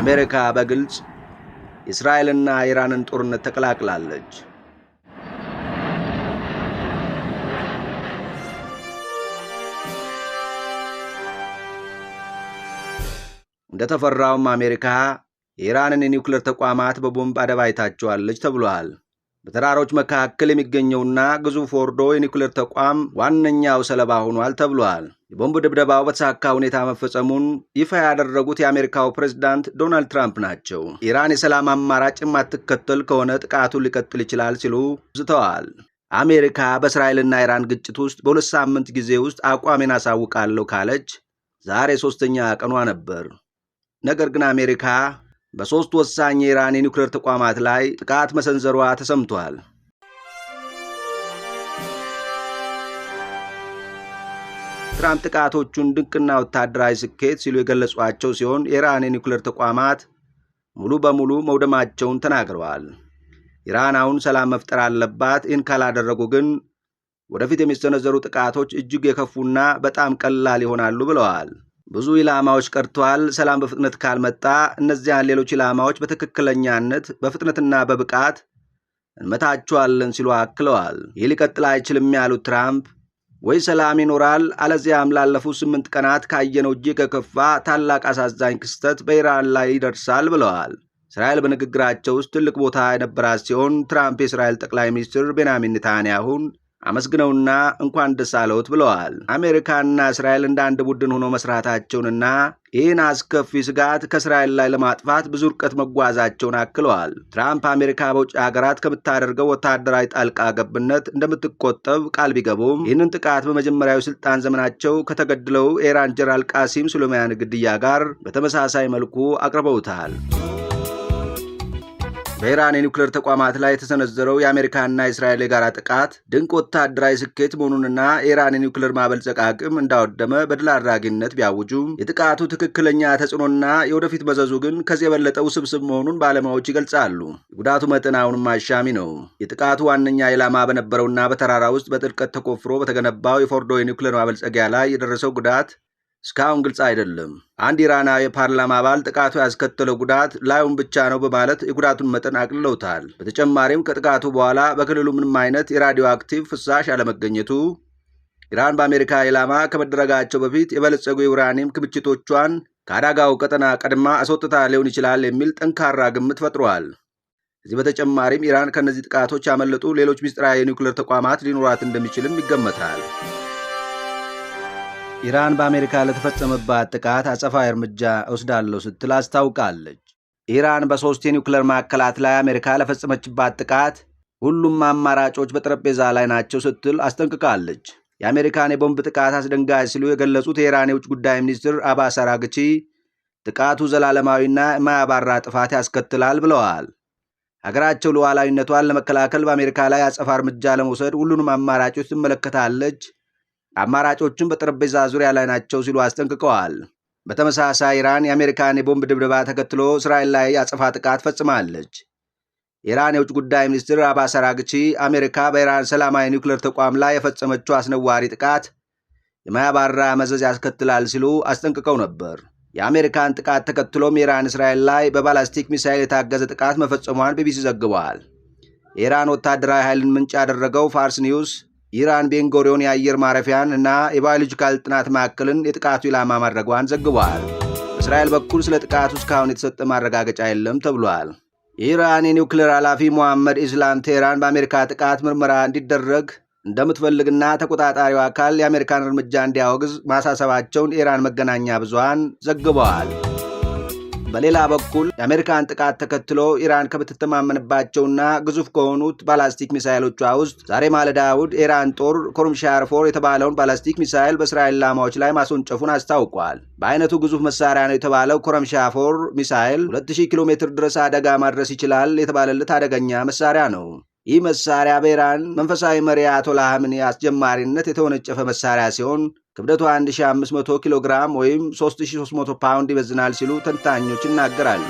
አሜሪካ በግልጽ የእስራኤልና ኢራንን ጦርነት ተቀላቅላለች። እንደተፈራውም አሜሪካ የኢራንን የኒውክሌር ተቋማት በቦምብ አደባይታቸዋለች ተብሏል። በተራሮች መካከል የሚገኘውና ግዙፍ ወርዶ የኒውክሌር ተቋም ዋነኛው ሰለባ ሆኗል ተብሏል። የቦምብ ድብደባው በተሳካ ሁኔታ መፈጸሙን ይፋ ያደረጉት የአሜሪካው ፕሬዝዳንት ዶናልድ ትራምፕ ናቸው። ኢራን የሰላም አማራጭ የማትከተል ከሆነ ጥቃቱን ሊቀጥል ይችላል ሲሉ ዝተዋል። አሜሪካ በእስራኤልና ኢራን ግጭት ውስጥ በሁለት ሳምንት ጊዜ ውስጥ አቋሜን አሳውቃለሁ ካለች ዛሬ ሶስተኛ ቀኗ ነበር። ነገር ግን አሜሪካ በሦስት ወሳኝ የኢራን የኒውክሌር ተቋማት ላይ ጥቃት መሰንዘሯ ተሰምቷል። ትራምፕ ጥቃቶቹን ድንቅና ወታደራዊ ስኬት ሲሉ የገለጿቸው ሲሆን የኢራን የኒውክሌር ተቋማት ሙሉ በሙሉ መውደማቸውን ተናግረዋል። ኢራን አሁን ሰላም መፍጠር አለባት። ይህን ካላደረጉ ግን ወደፊት የሚሰነዘሩ ጥቃቶች እጅግ የከፉና በጣም ቀላል ይሆናሉ ብለዋል። ብዙ ኢላማዎች ቀርተዋል። ሰላም በፍጥነት ካልመጣ እነዚያን ሌሎች ኢላማዎች በትክክለኛነት በፍጥነትና በብቃት እንመታቸዋለን ሲሉ አክለዋል። ይህ ሊቀጥል አይችልም ያሉት ትራምፕ ወይ ሰላም ይኖራል አለዚያም ላለፉት ስምንት ቀናት ካየነው እጅግ ከከፋ ታላቅ አሳዛኝ ክስተት በኢራን ላይ ይደርሳል ብለዋል። እስራኤል በንግግራቸው ውስጥ ትልቅ ቦታ የነበራት ሲሆን ትራምፕ የእስራኤል ጠቅላይ ሚኒስትር ቤንያሚን ኔታንያሁን አመስግነውና እንኳን ደስ አለዎት ብለዋል። አሜሪካና እስራኤል እንደ አንድ ቡድን ሆኖ መስራታቸውንና ይህን አስከፊ ስጋት ከእስራኤል ላይ ለማጥፋት ብዙ ርቀት መጓዛቸውን አክለዋል። ትራምፕ አሜሪካ በውጭ ሀገራት ከምታደርገው ወታደራዊ ጣልቃ ገብነት እንደምትቆጠብ ቃል ቢገቡም ይህንን ጥቃት በመጀመሪያዊ ስልጣን ዘመናቸው ከተገድለው የኢራን ጀራል ቃሲም ሱሌማኒ ግድያ ጋር በተመሳሳይ መልኩ አቅርበውታል። በኢራን የኒውክሌር ተቋማት ላይ የተሰነዘረው የአሜሪካና የእስራኤል የጋራ ጥቃት ድንቅ ወታደራዊ ስኬት መሆኑንና የኢራን የኒውክሌር ማበልጸግ አቅም እንዳወደመ በድል አድራጊነት ቢያውጁም የጥቃቱ ትክክለኛ ተጽዕኖና የወደፊት መዘዙ ግን ከዚህ የበለጠ ውስብስብ መሆኑን ባለሙያዎች ይገልጻሉ። የጉዳቱ መጠን አሁንም አሻሚ ነው። የጥቃቱ ዋነኛ ኢላማ በነበረውና በተራራ ውስጥ በጥልቀት ተቆፍሮ በተገነባው የፎርዶ የኒውክሌር ማበልጸጊያ ላይ የደረሰው ጉዳት እስካሁን ግልጽ አይደለም። አንድ ኢራናዊ የፓርላማ አባል ጥቃቱ ያስከተለው ጉዳት ላዩን ብቻ ነው በማለት የጉዳቱን መጠን አቅልለውታል። በተጨማሪም ከጥቃቱ በኋላ በክልሉ ምንም አይነት የራዲዮ አክቲቭ ፍሳሽ አለመገኘቱ ኢራን በአሜሪካ ኢላማ ከመደረጋቸው በፊት የበለጸጉ የዩራኒየም ክምችቶቿን ከአደጋው ቀጠና ቀድማ አስወጥታ ሊሆን ይችላል የሚል ጠንካራ ግምት ፈጥሯል። እዚህ በተጨማሪም ኢራን ከእነዚህ ጥቃቶች ያመለጡ ሌሎች ምስጢራዊ የኒውክሌር ተቋማት ሊኖራት እንደሚችልም ይገመታል። ኢራን በአሜሪካ ለተፈጸመባት ጥቃት አጸፋ እርምጃ እወስዳለሁ ስትል አስታውቃለች። ኢራን በሦስት የኒውክለር ማዕከላት ላይ አሜሪካ ለፈጸመችባት ጥቃት ሁሉም አማራጮች በጠረጴዛ ላይ ናቸው ስትል አስጠንቅቃለች። የአሜሪካን የቦምብ ጥቃት አስደንጋጭ ሲሉ የገለጹት የኢራን የውጭ ጉዳይ ሚኒስትር አባስ አራግቺ ጥቃቱ ዘላለማዊና የማያባራ ጥፋት ያስከትላል ብለዋል። ሀገራቸው ሉዓላዊነቷን ለመከላከል በአሜሪካ ላይ አጸፋ እርምጃ ለመውሰድ ሁሉንም አማራጮች ትመለከታለች አማራጮቹም በጠረጴዛ ዙሪያ ላይ ናቸው ሲሉ አስጠንቅቀዋል። በተመሳሳይ ኢራን የአሜሪካን የቦምብ ድብደባ ተከትሎ እስራኤል ላይ አጸፋ ጥቃት ፈጽማለች። የኢራን የውጭ ጉዳይ ሚኒስትር አባስ አራግቺ አሜሪካ በኢራን ሰላማዊ ኒውክሌር ተቋም ላይ የፈጸመችው አስነዋሪ ጥቃት የማያባራ መዘዝ ያስከትላል ሲሉ አስጠንቅቀው ነበር። የአሜሪካን ጥቃት ተከትሎም የኢራን እስራኤል ላይ በባላስቲክ ሚሳይል የታገዘ ጥቃት መፈጸሟን ቢቢሲ ዘግቧል። የኢራን ወታደራዊ ኃይልን ምንጭ ያደረገው ፋርስ ኒውስ ኢራን ቤንጎሪዮን የአየር ማረፊያን እና የባዮሎጂካል ጥናት ማዕከልን የጥቃቱ ኢላማ ማድረጓን ዘግቧል። እስራኤል በኩል ስለ ጥቃቱ እስካሁን የተሰጠ ማረጋገጫ የለም ተብሏል። የኢራን የኒውክሌር ኃላፊ ሞሐመድ ኢስላም ቴህራን በአሜሪካ ጥቃት ምርመራ እንዲደረግ እንደምትፈልግና ተቆጣጣሪው አካል የአሜሪካን እርምጃ እንዲያወግዝ ማሳሰባቸውን የኢራን መገናኛ ብዙሃን ዘግበዋል። በሌላ በኩል የአሜሪካን ጥቃት ተከትሎ ኢራን ከምትተማመንባቸውና ግዙፍ ከሆኑት ባላስቲክ ሚሳይሎቿ ውስጥ ዛሬ ማለዳ እሁድ የኢራን ጦር ኮርምሻር ፎር የተባለውን ባላስቲክ ሚሳይል በእስራኤል ላማዎች ላይ ማስወንጨፉን አስታውቋል። በአይነቱ ግዙፍ መሳሪያ ነው የተባለው ኮረምሻፎር ሚሳይል 200 ኪሎ ሜትር ድረስ አደጋ ማድረስ ይችላል የተባለለት አደገኛ መሳሪያ ነው። ይህ መሳሪያ በኢራን መንፈሳዊ መሪ አያቶላህ ኻሜኒ አስጀማሪነት የተወነጨፈ መሳሪያ ሲሆን ክብደቱ 1500 ኪሎ ግራም ወይም 3300 ፓውንድ ይበዝናል ሲሉ ተንታኞች ይናገራሉ።